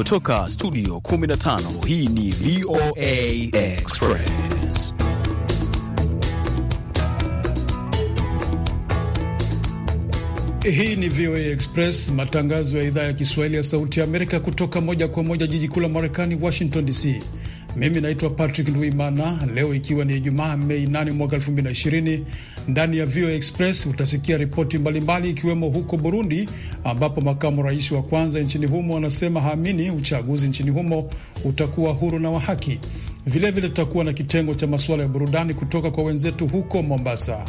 Kutoka studio 15 hii ni VOA Express. Hii ni VOA Express, matangazo ya idhaa ya Kiswahili ya Sauti ya Amerika kutoka moja kwa moja jiji kuu la Marekani, Washington DC. Mimi naitwa Patrick Nduimana. Leo ikiwa ni Ijumaa, Mei 8 mwaka 2020, ndani ya VOA Express utasikia ripoti mbalimbali, ikiwemo huko Burundi ambapo makamu rais wa kwanza nchini humo anasema haamini uchaguzi nchini humo utakuwa huru na wa haki. Vilevile tutakuwa na kitengo cha masuala ya burudani kutoka kwa wenzetu huko Mombasa.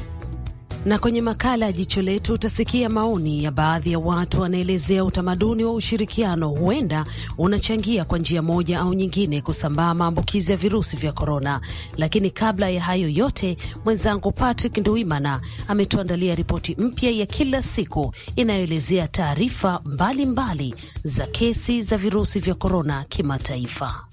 Na kwenye makala ya jicho letu utasikia maoni ya baadhi ya watu wanaelezea utamaduni wa ushirikiano huenda unachangia kwa njia moja au nyingine kusambaa maambukizi ya virusi vya korona. Lakini kabla ya hayo yote, mwenzangu Patrick Nduimana ametuandalia ripoti mpya ya kila siku inayoelezea taarifa mbalimbali za kesi za virusi vya korona kimataifa.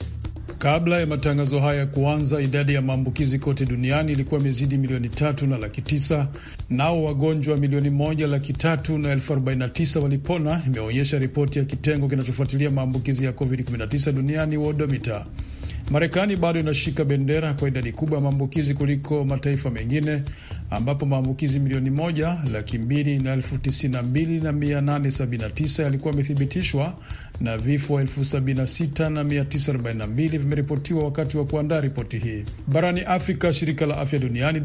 Kabla ya matangazo haya kuanza, idadi ya maambukizi kote duniani ilikuwa imezidi milioni tatu na laki tisa. Nao wagonjwa milioni moja laki tatu na elfu arobaini na tisa walipona, imeonyesha ripoti ya kitengo kinachofuatilia maambukizi ya COVID-19 duniani, Wodomita. Marekani bado inashika bendera kwa idadi kubwa ya maambukizi kuliko mataifa mengine ambapo maambukizi milioni moja laki mbili na elfu tisini na mbili na mia nane sabini na tisa yalikuwa yamethibitishwa na vifo elfu sabini na sita na mia tisa arobaini na mbili vimeripotiwa wakati wa kuandaa ripoti hii. Barani Afrika, shirika la afya duniani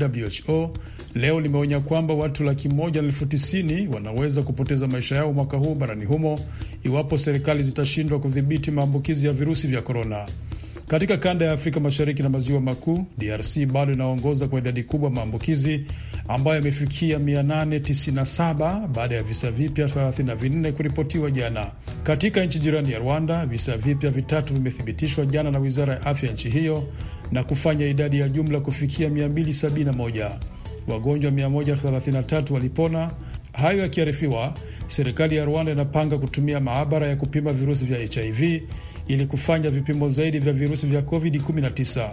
WHO leo limeonya kwamba watu laki moja na elfu tisini wanaweza kupoteza maisha yao mwaka huu barani humo iwapo serikali zitashindwa kudhibiti maambukizi ya virusi vya korona. Katika kanda ya Afrika Mashariki na Maziwa Makuu, DRC bado inaongoza kwa idadi kubwa maambukizi ambayo yamefikia 897 baada ya visa vipya 34 kuripotiwa jana. Katika nchi jirani ya Rwanda, visa vipya vitatu vimethibitishwa jana na wizara ya afya ya nchi hiyo na kufanya idadi ya jumla kufikia 271. Wagonjwa 133 walipona. Hayo yakiarifiwa, serikali ya Rwanda inapanga kutumia maabara ya kupima virusi vya HIV ili kufanya vipimo zaidi vya virusi vya COVID-19.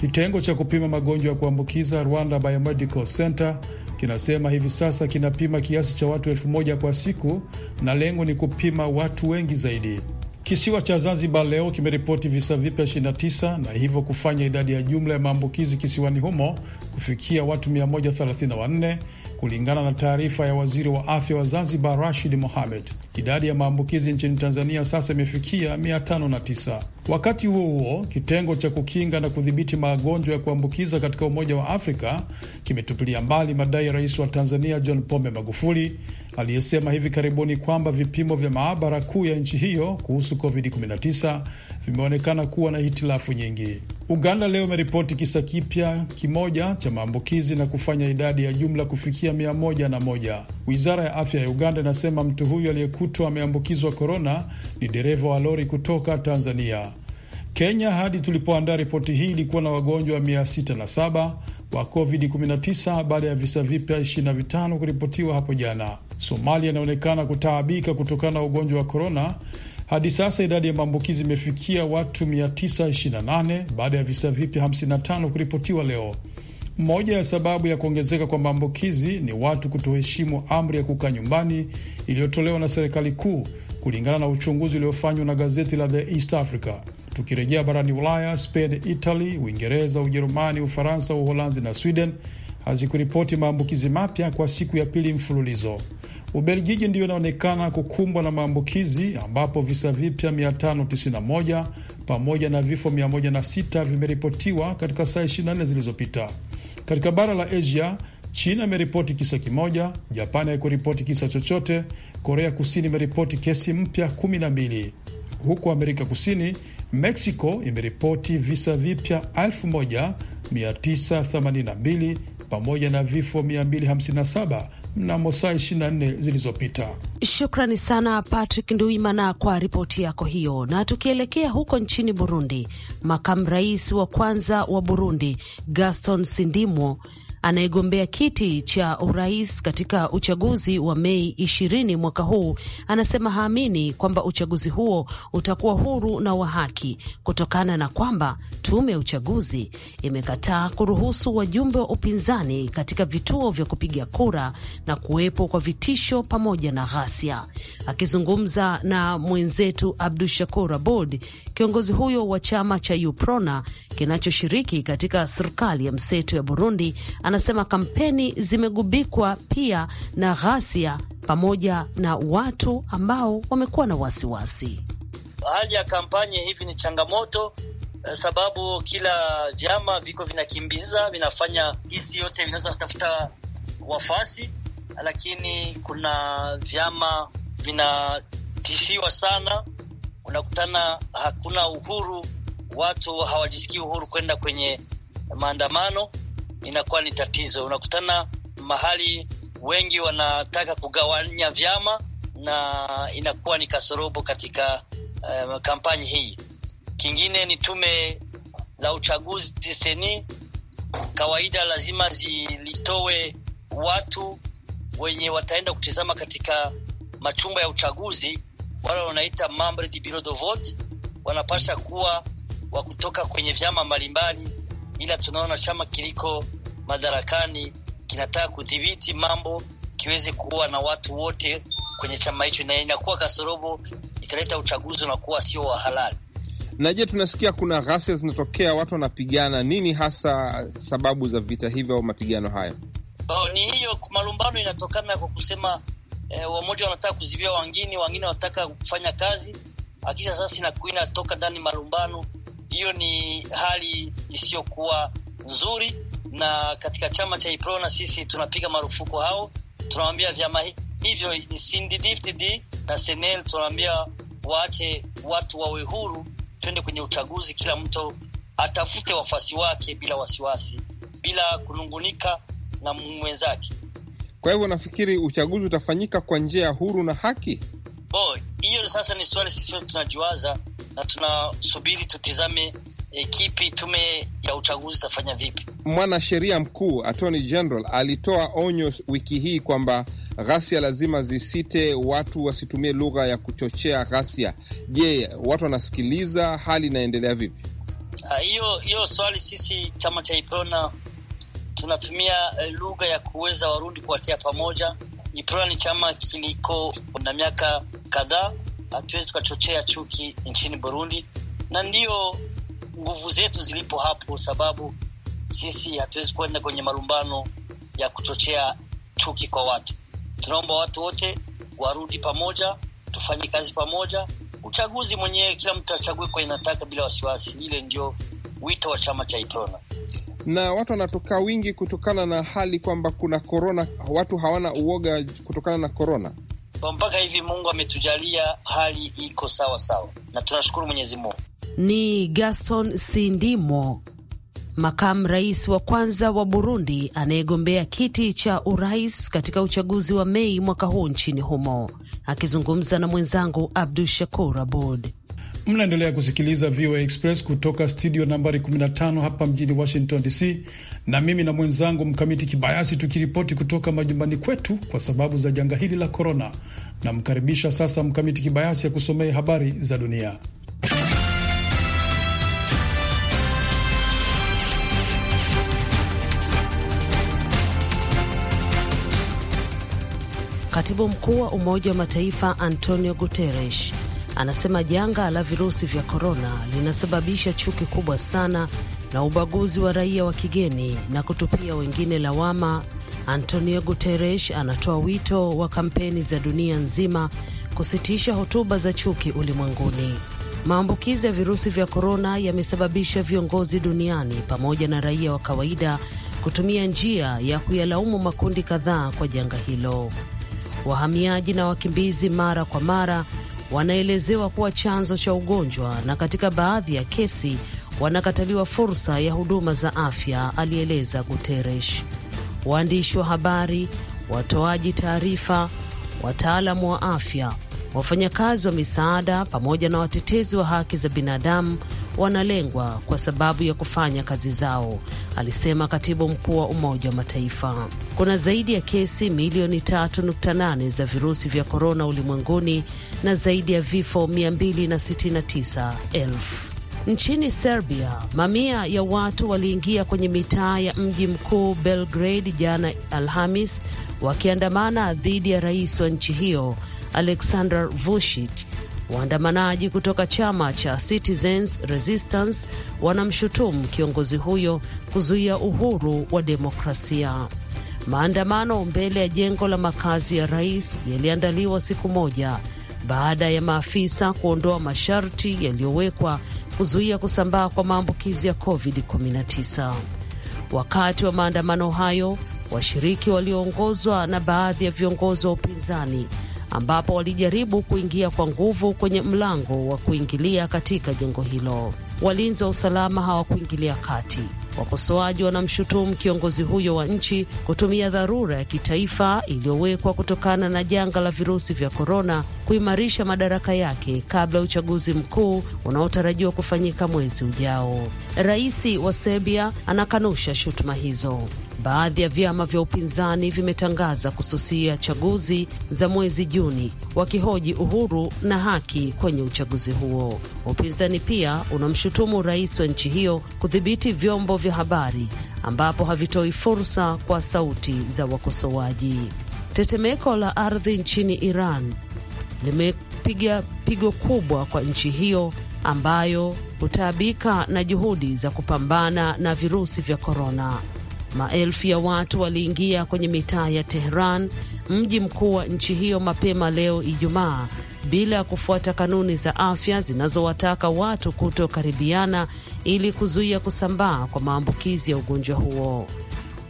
Kitengo cha kupima magonjwa ya kuambukiza Rwanda Biomedical Center kinasema hivi sasa kinapima kiasi cha watu elfu moja kwa siku na lengo ni kupima watu wengi zaidi. Kisiwa cha Zanzibar leo kimeripoti visa vipya 29 na hivyo kufanya idadi ya jumla ya maambukizi kisiwani humo kufikia watu 134 kulingana na taarifa ya waziri wa afya wa Zanzibar Rashid Mohamed. Idadi ya maambukizi nchini Tanzania sasa imefikia 509. Wakati huo huo, kitengo cha kukinga na kudhibiti magonjwa ya kuambukiza katika Umoja wa Afrika kimetupilia mbali madai ya rais wa Tanzania John Pombe Magufuli aliyesema hivi karibuni kwamba vipimo vya maabara kuu ya nchi hiyo kuhusu COVID-19 vimeonekana kuwa na hitilafu nyingi. Uganda leo imeripoti kisa kipya kimoja cha maambukizi na kufanya idadi ya jumla kufikia mia moja na moja. Wizara ya afya ya Uganda inasema mtu huyu aliyekuwa kutwa ameambukizwa korona ni dereva wa lori kutoka Tanzania. Kenya hadi tulipoandaa ripoti hii ilikuwa na wagonjwa 607 wa COVID-19 baada ya visa vipya 25 kuripotiwa hapo jana. Somalia inaonekana kutaabika kutokana na ugonjwa wa korona. Hadi sasa idadi ya maambukizi imefikia watu 928 baada ya visa vipya 55 kuripotiwa leo. Moja ya sababu ya kuongezeka kwa maambukizi ni watu kutoheshimu amri ya kukaa nyumbani iliyotolewa na serikali kuu, kulingana na uchunguzi uliofanywa na gazeti la The East Africa. Tukirejea barani Ulaya, Spain, Italy, Uingereza, Ujerumani, Ufaransa, Uholanzi na Sweden hazikuripoti maambukizi mapya kwa siku ya pili mfululizo. Ubelgiji ndiyo inaonekana kukumbwa na maambukizi ambapo visa vipya 591 pamoja na vifo 106 vimeripotiwa katika saa 24 zilizopita. Katika bara la Asia, China imeripoti kisa kimoja, Japani haikuripoti kisa chochote, Korea Kusini imeripoti kesi mpya kumi na mbili. huku Amerika Kusini, Mexico imeripoti visa vipya 1982 pamoja na vifo 257 mnamo saa 24 zilizopita. Shukrani sana Patrick Nduimana kwa ripoti yako hiyo. Na tukielekea huko nchini Burundi, makamu rais wa kwanza wa Burundi Gaston Sindimwo anayegombea kiti cha urais katika uchaguzi wa Mei ishirini mwaka huu anasema haamini kwamba uchaguzi huo utakuwa huru na wa haki kutokana na kwamba tume ya uchaguzi imekataa kuruhusu wajumbe wa upinzani katika vituo vya kupiga kura na kuwepo kwa vitisho pamoja na ghasia. Akizungumza na mwenzetu Abdu Shakur Abod, kiongozi huyo wa chama cha UPRONA kinachoshiriki katika serikali ya mseto ya Burundi anasema kampeni zimegubikwa pia na ghasia pamoja na watu ambao wamekuwa na wasiwasi. Hali ya kampanye hivi ni changamoto, eh, sababu kila vyama viko vinakimbiza, vinafanya hisi yote vinaweza kutafuta wafasi, lakini kuna vyama vinatishiwa sana, unakutana hakuna uhuru, watu hawajisikii uhuru kwenda kwenye maandamano inakuwa ni tatizo. Unakutana mahali wengi wanataka kugawanya vyama na inakuwa ni kasorobo katika um, eh, kampani hii. Kingine ni tume la uchaguzi seni, kawaida lazima zilitowe watu wenye wataenda kutizama katika machumba ya uchaguzi, wale wanaita membre du bureau de vote, wanapasha kuwa wa kutoka kwenye vyama mbalimbali ila tunaona chama kiliko madarakani kinataka kudhibiti mambo kiweze kuwa na watu wote kwenye chama hicho, na inakuwa kasorobo, italeta uchaguzi unakuwa sio wa halali. Na je, tunasikia kuna ghasia zinatokea, watu wanapigana. Nini hasa sababu za vita hivyo au mapigano hayo? Oh, ni hiyo malumbano inatokana kwa kusema eh, wamoja wanataka kuzibia wangine, wangine wanataka kufanya kazi akisha sasa inakuwa inatoka ndani malumbano hiyo ni hali isiyokuwa nzuri, na katika chama cha IPRONA sisi tunapiga marufuku hao, tunawambia vyama hivyo ni CNDD-FDD na SNEL, tunawambia waache watu wawe huru, twende kwenye uchaguzi, kila mtu atafute wafuasi wake bila wasiwasi, bila kunungunika na mwenzake. Kwa hivyo nafikiri uchaguzi utafanyika kwa njia ya huru na haki. hiyo sasa ni swali sisi tunajiwaza na tunasubiri tutizame E, kipi tume ya uchaguzi itafanya vipi? Mwanasheria mkuu Attorney General alitoa onyo wiki hii kwamba ghasia lazima zisite, watu wasitumie lugha ya kuchochea ghasia. Je, watu wanasikiliza? Hali inaendelea vipi? Ah, hiyo hiyo swali, sisi chama cha Iprona tunatumia eh, lugha ya kuweza Warundi kuwatia pamoja. Iprona ni chama kiliko na miaka kadhaa hatuwezi tukachochea chuki nchini Burundi, na ndiyo nguvu zetu zilipo hapo, sababu sisi hatuwezi kwenda kwenye malumbano ya kuchochea chuki kwa watu. Tunaomba watu wote warudi pamoja, tufanye kazi pamoja. Uchaguzi mwenyewe kila mtu achague kwenye nataka bila wasiwasi. Ile ndio wito wa chama cha Iprona na watu wanatoka wingi kutokana na hali kwamba kuna korona, watu hawana uoga kutokana na korona. Kwa mpaka hivi Mungu ametujalia hali iko sawa sawa, na tunashukuru Mwenyezi Mungu. Ni Gaston Sindimo, makamu rais wa kwanza wa Burundi anayegombea kiti cha urais katika uchaguzi wa Mei mwaka huu nchini humo, akizungumza na mwenzangu Abdu Shakur Abud. Mnaendelea kusikiliza VOA Express kutoka studio nambari 15 hapa mjini Washington DC, na mimi na mwenzangu Mkamiti Kibayasi tukiripoti kutoka majumbani kwetu kwa sababu za janga hili la korona. Namkaribisha sasa Mkamiti Kibayasi ya kusomea habari za dunia. Katibu mkuu wa Umoja wa Mataifa Antonio Guterres anasema janga la virusi vya korona linasababisha chuki kubwa sana na ubaguzi wa raia wa kigeni na kutupia wengine lawama. Antonio Guterres anatoa wito wa kampeni za dunia nzima kusitisha hotuba za chuki ulimwenguni. Maambukizi ya virusi vya korona yamesababisha viongozi duniani pamoja na raia wa kawaida kutumia njia ya kuyalaumu makundi kadhaa kwa janga hilo. Wahamiaji na wakimbizi mara kwa mara wanaelezewa kuwa chanzo cha ugonjwa na katika baadhi ya kesi wanakataliwa fursa ya huduma za afya, alieleza Guterres. Waandishi wa habari, watoaji taarifa, wataalamu wa afya, wafanyakazi wa misaada pamoja na watetezi wa haki za binadamu wanalengwa kwa sababu ya kufanya kazi zao, alisema katibu mkuu wa Umoja wa Mataifa. Kuna zaidi ya kesi milioni 3.8 za virusi vya korona ulimwenguni na zaidi ya vifo 269,000. Nchini Serbia, mamia ya watu waliingia kwenye mitaa ya mji mkuu Belgrade jana Alhamis wakiandamana dhidi ya rais wa nchi hiyo Aleksandar Vucic Waandamanaji kutoka chama cha Citizens Resistance wanamshutumu kiongozi huyo kuzuia uhuru wa demokrasia. Maandamano mbele ya jengo la makazi ya rais yaliandaliwa siku moja baada ya maafisa kuondoa masharti yaliyowekwa kuzuia kusambaa kwa maambukizi ya COVID-19. Wakati wa maandamano hayo, washiriki walioongozwa na baadhi ya viongozi wa upinzani ambapo walijaribu kuingia kwa nguvu kwenye mlango wa kuingilia katika jengo hilo. Walinzi wa usalama hawakuingilia kati. Wakosoaji wanamshutumu kiongozi huyo wa nchi kutumia dharura ya kitaifa iliyowekwa kutokana na janga la virusi vya korona kuimarisha madaraka yake kabla ya uchaguzi mkuu unaotarajiwa kufanyika mwezi ujao. Rais wa Serbia anakanusha shutuma hizo baadhi ya vyama vya upinzani vimetangaza kususia chaguzi za mwezi Juni, wakihoji uhuru na haki kwenye uchaguzi huo. Upinzani pia unamshutumu rais wa nchi hiyo kudhibiti vyombo vya habari ambapo havitoi fursa kwa sauti za wakosoaji. Tetemeko la ardhi nchini Iran limepiga pigo kubwa kwa nchi hiyo ambayo hutaabika na juhudi za kupambana na virusi vya korona. Maelfu ya watu waliingia kwenye mitaa ya Tehran, mji mkuu wa nchi hiyo, mapema leo Ijumaa, bila ya kufuata kanuni za afya zinazowataka watu kutokaribiana ili kuzuia kusambaa kwa maambukizi ya ugonjwa huo.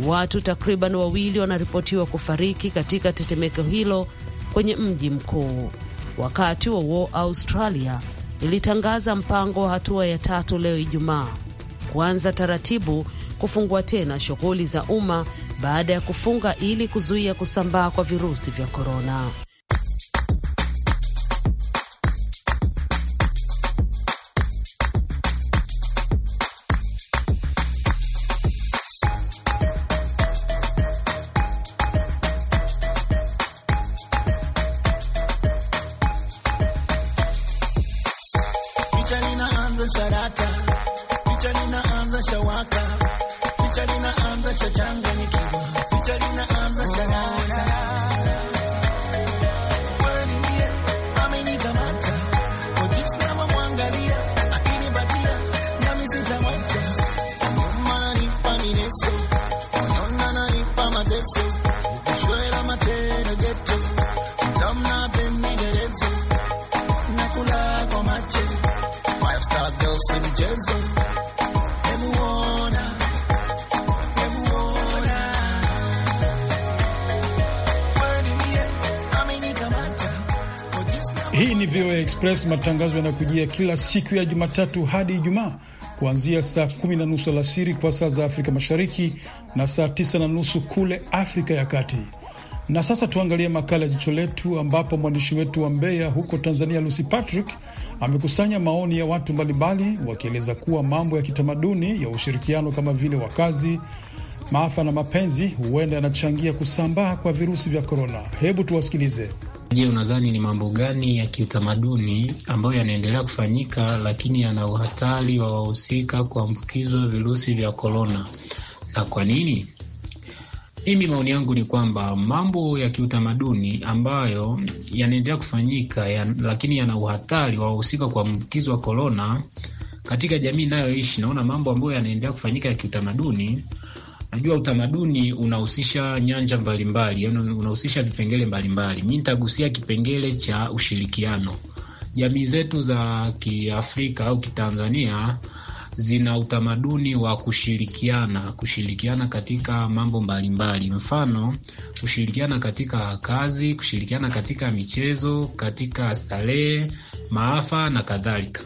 Watu takriban wawili wanaripotiwa kufariki katika tetemeko hilo kwenye mji mkuu. Wakati wa huo, Australia ilitangaza mpango wa hatua ya tatu leo Ijumaa, kuanza taratibu kufungua tena shughuli za umma baada ya kufunga ili kuzuia kusambaa kwa virusi vya korona. Picha linaanza sharata, picha linaanza shawaka ambacho changu nikiwa, hicho lina ambacho Express. Matangazo yanakujia kila siku ya Jumatatu hadi Ijumaa kuanzia saa kumi na nusu alasiri kwa saa za Afrika Mashariki na saa tisa na nusu kule Afrika ya Kati. Na sasa tuangalie makala ya Jicho Letu, ambapo mwandishi wetu wa Mbeya huko Tanzania, Lucy Patrick, amekusanya maoni ya watu mbalimbali wakieleza kuwa mambo ya kitamaduni ya ushirikiano kama vile wakazi Maafa na mapenzi huenda yanachangia kusambaa kwa virusi vya korona. Hebu tuwasikilize. Je, unadhani ni mambo gani ya kiutamaduni ambayo yanaendelea kufanyika lakini yana uhatari wa wahusika kuambukizwa virusi vya korona na kwa nini? Mimi maoni yangu ni kwamba mambo ya kiutamaduni ambayo yanaendelea kufanyika ya, lakini yana uhatari wa wahusika kuambukizwa korona katika jamii inayoishi, naona mambo ambayo yanaendelea kufanyika ya kiutamaduni Najua utamaduni unahusisha nyanja mbalimbali, yani unahusisha vipengele mbalimbali. Mi nitagusia kipengele cha ushirikiano. Jamii zetu za Kiafrika au Kitanzania zina utamaduni wa kushirikiana, kushirikiana katika mambo mbalimbali, mfano kushirikiana katika kazi, kushirikiana katika michezo, katika starehe, maafa na kadhalika.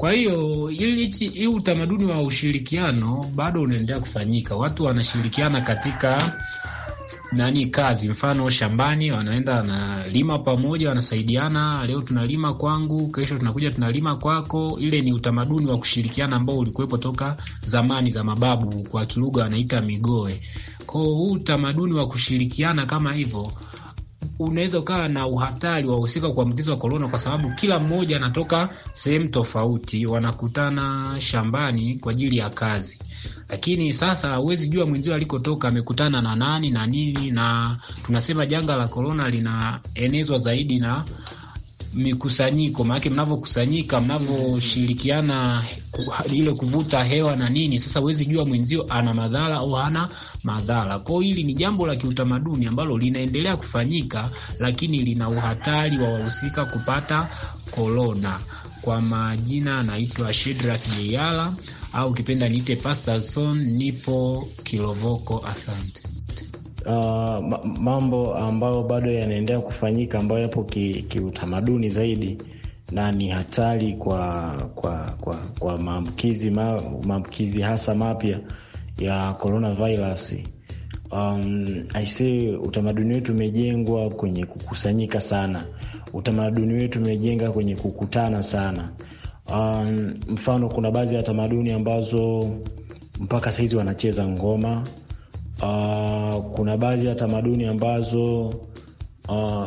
Kwa hiyo hii utamaduni wa ushirikiano bado unaendelea kufanyika, watu wanashirikiana katika nani kazi, mfano shambani, wanaenda wanalima pamoja, wanasaidiana. Leo tunalima kwangu, kesho tunakuja tunalima kwako. Ile ni utamaduni wa kushirikiana ambao ulikuwepo toka zamani za mababu, kwa kilugha wanaita migoe. Kwa huu utamaduni wa kushirikiana kama hivyo unaweza ukawa na uhatari wa wahusika kuambukizwa korona, kwa sababu kila mmoja anatoka sehemu tofauti, wanakutana shambani kwa ajili ya kazi, lakini sasa huwezi jua mwenzio alikotoka amekutana na nani na nini, na tunasema janga la korona linaenezwa zaidi na mikusanyiko, maanake mnavyokusanyika, mnavyoshirikiana ile kuvuta hewa na nini, sasa huwezi jua mwenzio ana madhara au hana madhara. Kwao hili ni jambo la kiutamaduni ambalo linaendelea kufanyika, lakini lina uhatari wa wahusika kupata korona. Kwa majina anaitwa Shedrack Jeyala au kipenda niite Pastor Son, nipo Kilovoko. Asante uh, mambo ambayo bado yanaendelea kufanyika ambayo yapo kiutamaduni ki zaidi na ni hatari kwa kwa kwa, kwa maambukizi ma, maambukizi hasa mapya ya coronavirus. Um, aisee, utamaduni wetu umejengwa kwenye kukusanyika sana, utamaduni wetu umejenga kwenye kukutana sana. Um, mfano kuna baadhi ya tamaduni ambazo mpaka sahizi wanacheza ngoma Uh, kuna baadhi ya tamaduni ambazo uh,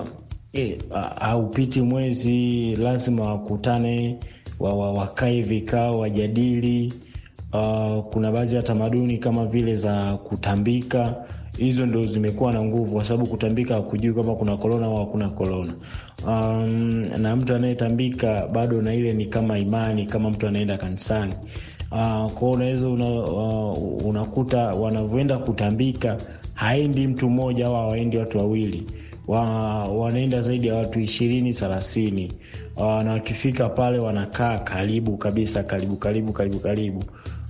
eh, haupiti mwezi lazima wakutane wa, wa, wakae vikao wajadili. Uh, kuna baadhi ya tamaduni kama vile za kutambika, hizo ndo zimekuwa na nguvu, kwa sababu kutambika hakujui kama kuna korona au hakuna korona. Um, na mtu anayetambika bado na ile ni kama imani, kama mtu anaenda kanisani Uh, ah, kwao unaweza una, uh, unakuta wanavyoenda kutambika haendi mtu mmoja au hawaendi watu wawili wa, wanaenda zaidi ya watu ishirini thelathini uh, na wakifika pale wanakaa karibu kabisa karibu karibu karibu karibu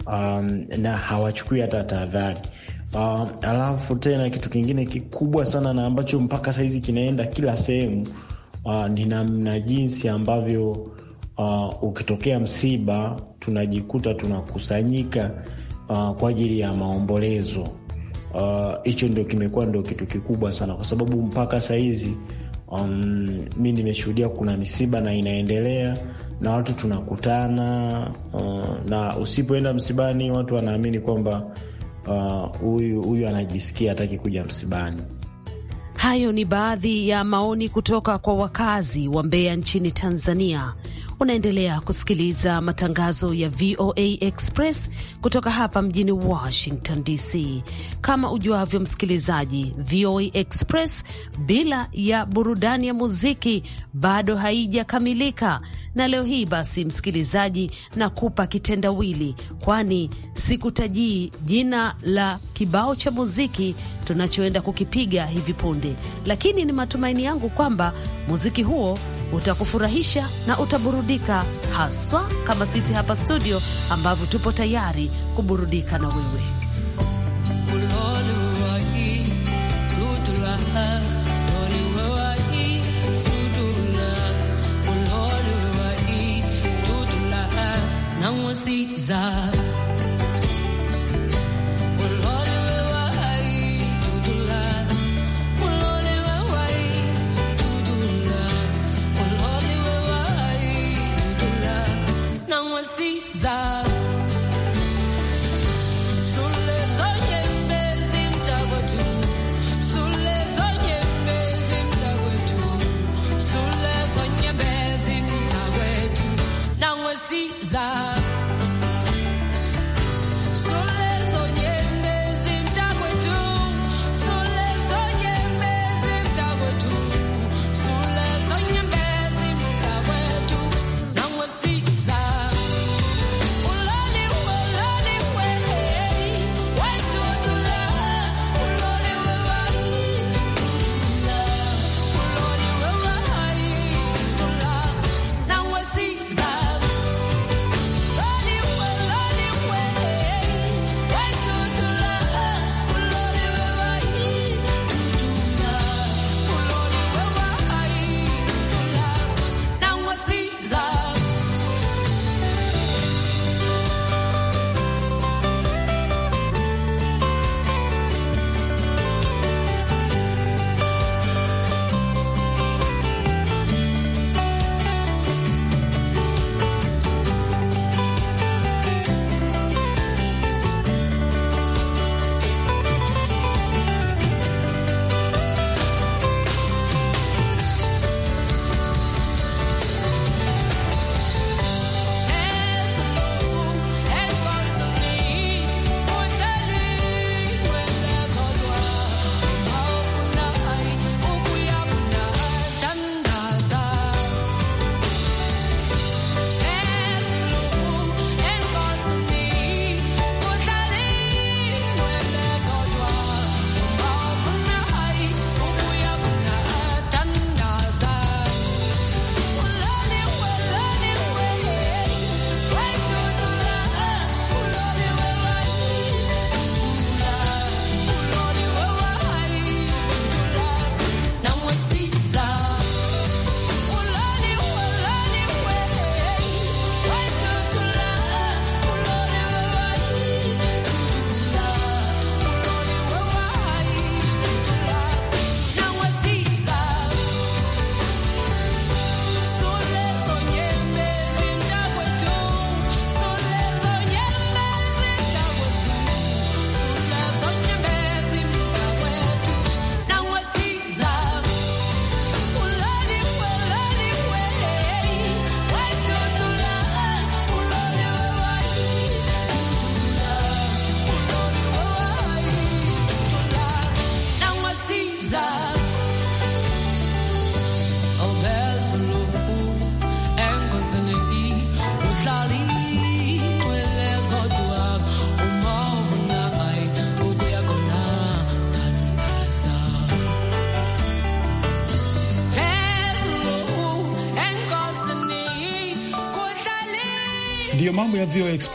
um, na hawachukui hata tahadhari. Uh, alafu tena kitu kingine kikubwa sana na ambacho mpaka saizi kinaenda kila sehemu uh, ni namna jinsi ambavyo uh, ukitokea msiba tunajikuta tunakusanyika uh, kwa ajili ya maombolezo uh, hicho. Uh, ndio kimekuwa ndio kitu kikubwa sana, kwa sababu mpaka sahizi um, mi nimeshuhudia kuna misiba na inaendelea na watu tunakutana uh, na usipoenda msibani watu wanaamini kwamba uh, huyu uh, huyu anajisikia hataki kuja msibani. Hayo ni baadhi ya maoni kutoka kwa wakazi wa Mbeya nchini Tanzania Unaendelea kusikiliza matangazo ya VOA Express kutoka hapa mjini Washington DC. Kama ujuavyo, msikilizaji, VOA Express bila ya burudani ya muziki bado haijakamilika, na leo hii basi, msikilizaji, nakupa kitendawili, kwani sikutajii jina la kibao cha muziki tunachoenda kukipiga hivi punde, lakini ni matumaini yangu kwamba muziki huo utakufurahisha na utaburudika, haswa kama sisi hapa studio ambavyo tupo tayari kuburudika na wewe. desire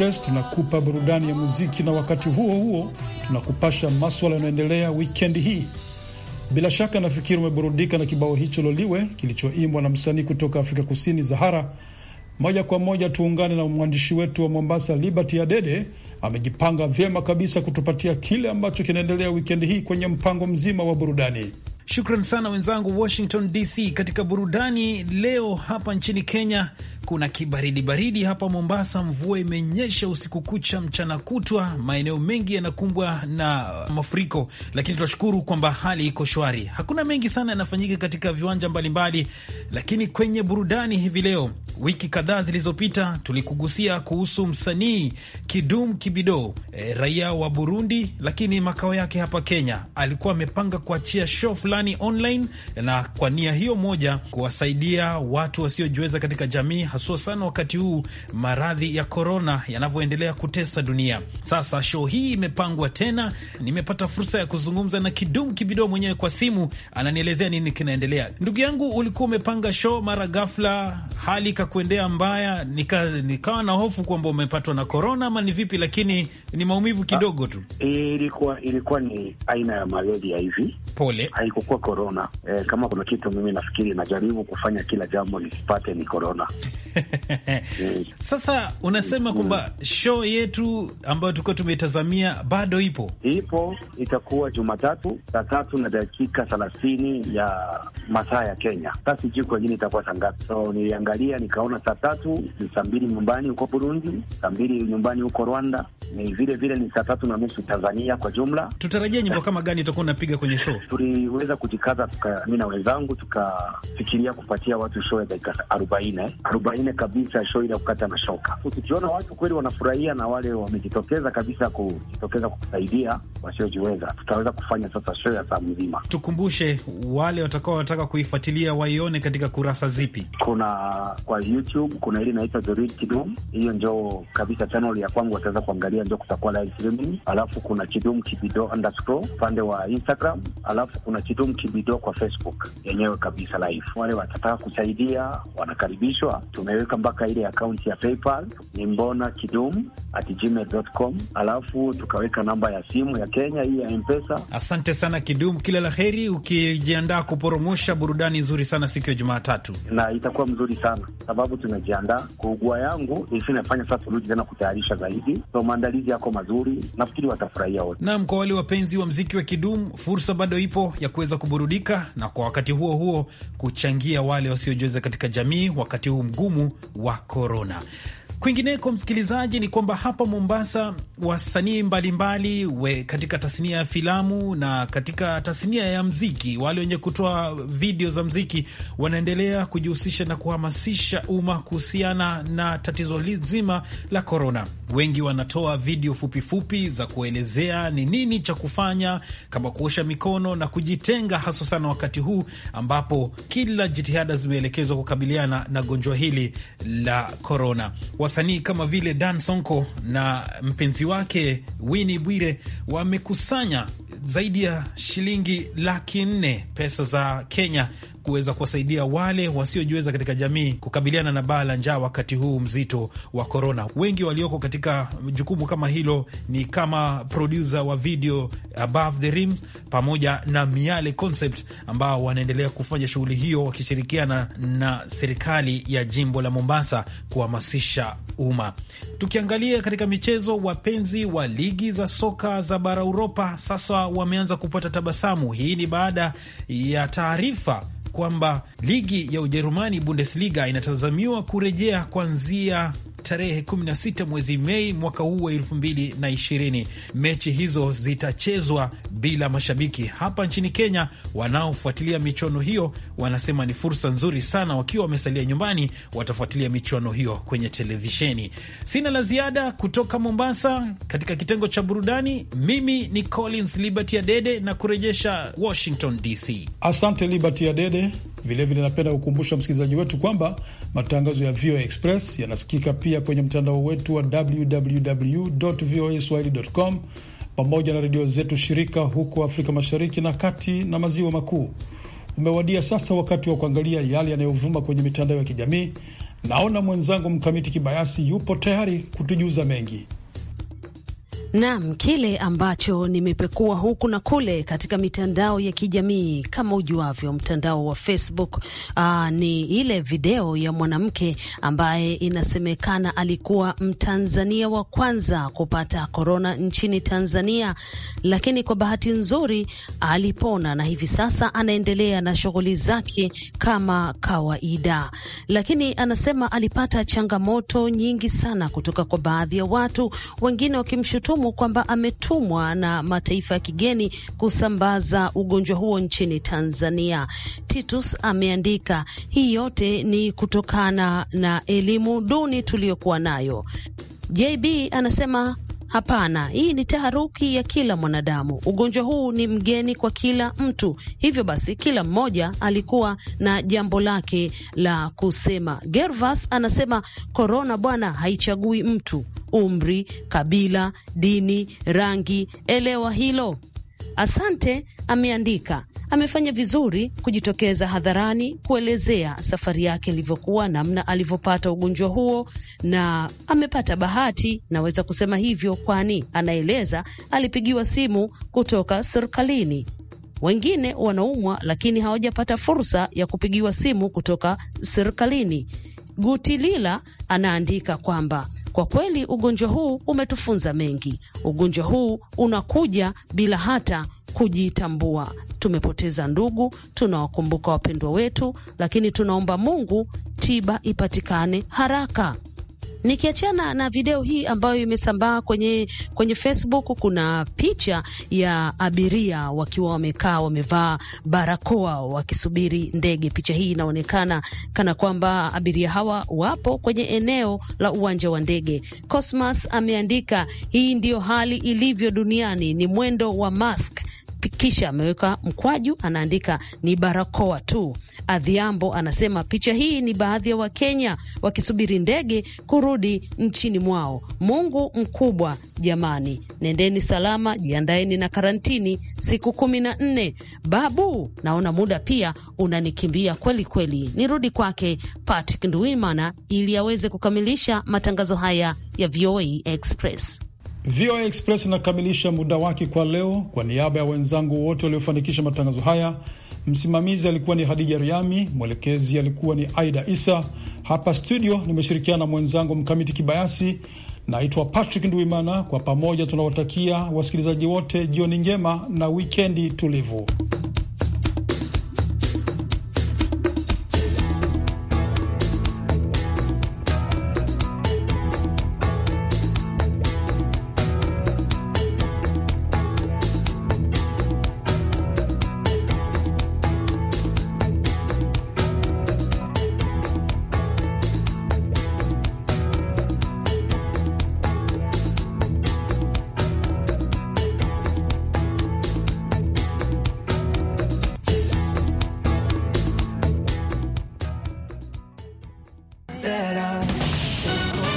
Express tunakupa burudani ya muziki na wakati huo huo tunakupasha maswala yanayoendelea wikendi hii. Bila shaka nafikiri umeburudika na kibao hicho Loliwe kilichoimbwa na msanii kutoka Afrika Kusini Zahara. Moja kwa moja tuungane na mwandishi wetu wa Mombasa, Liberty Adede. Amejipanga vyema kabisa kutupatia kile ambacho kinaendelea wikendi hii kwenye mpango mzima wa burudani. Shukran sana wenzangu Washington DC. Katika burudani leo hapa nchini Kenya kuna kibaridi baridi hapa Mombasa. Mvua imenyesha usiku kucha, mchana kutwa, maeneo mengi yanakumbwa na mafuriko, lakini tunashukuru kwamba hali iko shwari. Hakuna mengi sana yanafanyika katika viwanja mbalimbali mbali, lakini kwenye burudani hivi leo, wiki kadhaa zilizopita tulikugusia kuhusu msanii Kidum Kibido, e, raia wa Burundi lakini makao yake hapa Kenya. Alikuwa amepanga kuachia show fulani online, na kwa nia hiyo moja kuwasaidia watu wasiojiweza katika jamii haswa sana wakati huu maradhi ya korona yanavyoendelea kutesa dunia. Sasa show hii imepangwa tena, nimepata fursa ya kuzungumza na Kidum Kibido mwenyewe kwa simu, ananielezea nini kinaendelea. Ndugu yangu, ulikuwa umepanga show, mara ghafla hali ikakuendea mbaya, nikawa nika na hofu kwamba umepatwa na korona ama ni vipi, lakini ni maumivu kidogo tu. Ah, ilikuwa ilikuwa ni aina ya maradhi ya hivi pole, haikukuwa korona. E, eh, kama kuna kitu mimi nafikiri najaribu kufanya kila jambo nisipate ni korona Sasa unasema kwamba show yetu ambayo tulikuwa tumetazamia bado ipo ipo, itakuwa Jumatatu saa tatu na dakika thelathini ya masaa ya Kenya. Sasa sijui kwengine itakuwa saa ngapi. So niliangalia nikaona saa tatu ni saa mbili nyumbani huko Burundi, saa mbili nyumbani huko Rwanda, ni vile vile ni saa tatu na nusu Tanzania. Kwa jumla, tutarajia nyimbo kama gani itakuwa unapiga kwenye show? Tuliweza kujikaza mi na wenzangu tukafikiria kupatia watu show ya dakika arobaini eh, arobaini haina kabisa show ile kukata mashoka. shoka. Tukiona watu kweli wanafurahia na wale wamejitokeza kabisa kujitokeza kukusaidia wasiojiweza, tutaweza kufanya sasa show ya saa mzima. Tukumbushe wale watakao wanataka kuifuatilia waione katika kurasa zipi? Kuna kwa YouTube, kuna ile inaitwa The Real Kidum, hiyo ndio kabisa channel ya kwangu, wataweza kuangalia, ndio kutakuwa live streaming. Alafu kuna Kidum Kibido underscore upande wa Instagram, alafu kuna Kidum Kibido kwa Facebook yenyewe kabisa live. Wale watataka kusaidia wanakaribishwa tumeweka mpaka ile akaunti ya PayPal ni mbona kidum at gmail.com, alafu tukaweka namba ya simu ya Kenya hii ya Mpesa. Asante sana Kidum, kila la heri ukijiandaa kuporomosha burudani nzuri sana siku ya Jumatatu, na itakuwa mzuri sana sababu tunajiandaa kuugua yangu isi nafanya sasa turudi tena kutayarisha zaidi, so maandalizi yako mazuri, nafikiri watafurahia wote. Naam, kwa wale wapenzi wa mziki wa Kidum, fursa bado ipo ya kuweza kuburudika na kwa wakati huo huo kuchangia wale wasiojiweza katika jamii wakati huu mguu ugumu wa korona. Kwingineko msikilizaji, ni kwamba hapa Mombasa wasanii mbalimbali we katika tasnia ya filamu na katika tasnia ya mziki, wale wenye kutoa video za mziki wanaendelea kujihusisha na kuhamasisha umma kuhusiana na tatizo zima la korona. Wengi wanatoa video fupifupi fupi za kuelezea ni nini cha kufanya, kama kuosha mikono na kujitenga, haswa sana wakati huu ambapo kila jitihada zimeelekezwa kukabiliana na gonjwa hili la korona wasanii kama vile Dan Sonko na mpenzi wake Winnie Bwire wamekusanya zaidi ya shilingi laki nne pesa za Kenya kuweza kuwasaidia wale wasiojiweza katika jamii kukabiliana na baa la njaa wakati huu mzito wa korona. Wengi walioko katika jukumu kama hilo ni kama produsa wa video Above the Rim pamoja na Miale Concept ambao wanaendelea kufanya shughuli hiyo wakishirikiana na serikali ya jimbo la Mombasa kuhamasisha umma. Tukiangalia katika michezo, wapenzi wa ligi za soka za bara Uropa sasa wameanza kupata tabasamu. Hii ni baada ya taarifa kwamba ligi ya Ujerumani Bundesliga inatazamiwa kurejea kuanzia tarehe 16 mwezi Mei mwaka huu wa 2020. Mechi hizo zitachezwa bila mashabiki. Hapa nchini Kenya, wanaofuatilia michuano hiyo wanasema ni fursa nzuri sana, wakiwa wamesalia nyumbani, watafuatilia michuano hiyo kwenye televisheni. Sina la ziada kutoka Mombasa katika kitengo cha burudani. Mimi ni Collins Liberty Adede na kurejesha Washington DC. Asante Liberty Adede. Vilevile napenda kukumbusha msikilizaji wetu kwamba matangazo ya VOA Express yanasikika pia pia kwenye mtandao wetu wa www voa swahili com pamoja na redio zetu shirika huko Afrika Mashariki na kati na maziwa makuu. Umewadia sasa wakati wa kuangalia yale yanayovuma kwenye mitandao ya kijamii. Naona mwenzangu Mkamiti Kibayasi yupo tayari kutujuza mengi. Naam, kile ambacho nimepekua huku na kule katika mitandao ya kijamii kama ujuavyo, mtandao wa Facebook aa, ni ile video ya mwanamke ambaye inasemekana alikuwa Mtanzania wa kwanza kupata korona nchini Tanzania, lakini kwa bahati nzuri alipona na hivi sasa anaendelea na shughuli zake kama kawaida, lakini anasema alipata changamoto nyingi sana kutoka kwa baadhi ya watu, wengine wakimshutumu akishutumu kwamba ametumwa na mataifa ya kigeni kusambaza ugonjwa huo nchini Tanzania. Titus ameandika hii yote ni kutokana na elimu duni tuliyokuwa nayo. JB anasema Hapana, hii ni taharuki ya kila mwanadamu. Ugonjwa huu ni mgeni kwa kila mtu, hivyo basi kila mmoja alikuwa na jambo lake la kusema. Gervas anasema korona bwana, haichagui mtu, umri, kabila, dini, rangi. Elewa hilo. Asante ameandika amefanya vizuri kujitokeza hadharani kuelezea safari yake ilivyokuwa, namna alivyopata ugonjwa huo, na amepata bahati, naweza kusema hivyo, kwani anaeleza alipigiwa simu kutoka serikalini. Wengine wanaumwa lakini hawajapata fursa ya kupigiwa simu kutoka serikalini. Gutilila anaandika kwamba kwa kweli ugonjwa huu umetufunza mengi. Ugonjwa huu unakuja bila hata kujitambua. Tumepoteza ndugu, tunawakumbuka wapendwa wetu, lakini tunaomba Mungu tiba ipatikane haraka. Nikiachana na video hii ambayo imesambaa kwenye, kwenye Facebook, kuna picha ya abiria wakiwa wamekaa wamevaa barakoa wakisubiri ndege. Picha hii inaonekana kana kwamba abiria hawa wapo kwenye eneo la uwanja wa ndege. Cosmas ameandika hii ndiyo hali ilivyo duniani, ni mwendo wa mask kisha ameweka mkwaju, anaandika ni barakoa tu. Adhiambo anasema picha hii ni baadhi ya wa Wakenya wakisubiri ndege kurudi nchini mwao. Mungu mkubwa jamani, nendeni salama, jiandaeni na karantini siku kumi na nne. Babu, naona muda pia unanikimbia kweli kweli, nirudi kwake Patrick nduimana ili aweze kukamilisha matangazo haya ya VOA Express. VOA Express inakamilisha muda wake kwa leo. Kwa niaba ya wenzangu wote waliofanikisha matangazo haya, msimamizi alikuwa ni Hadija Riami, mwelekezi alikuwa ni Aida Isa. Hapa studio nimeshirikiana na mwenzangu Mkamiti Kibayasi. Naitwa Patrick Nduimana. Kwa pamoja tunawatakia wasikilizaji wote jioni njema na wikendi tulivu.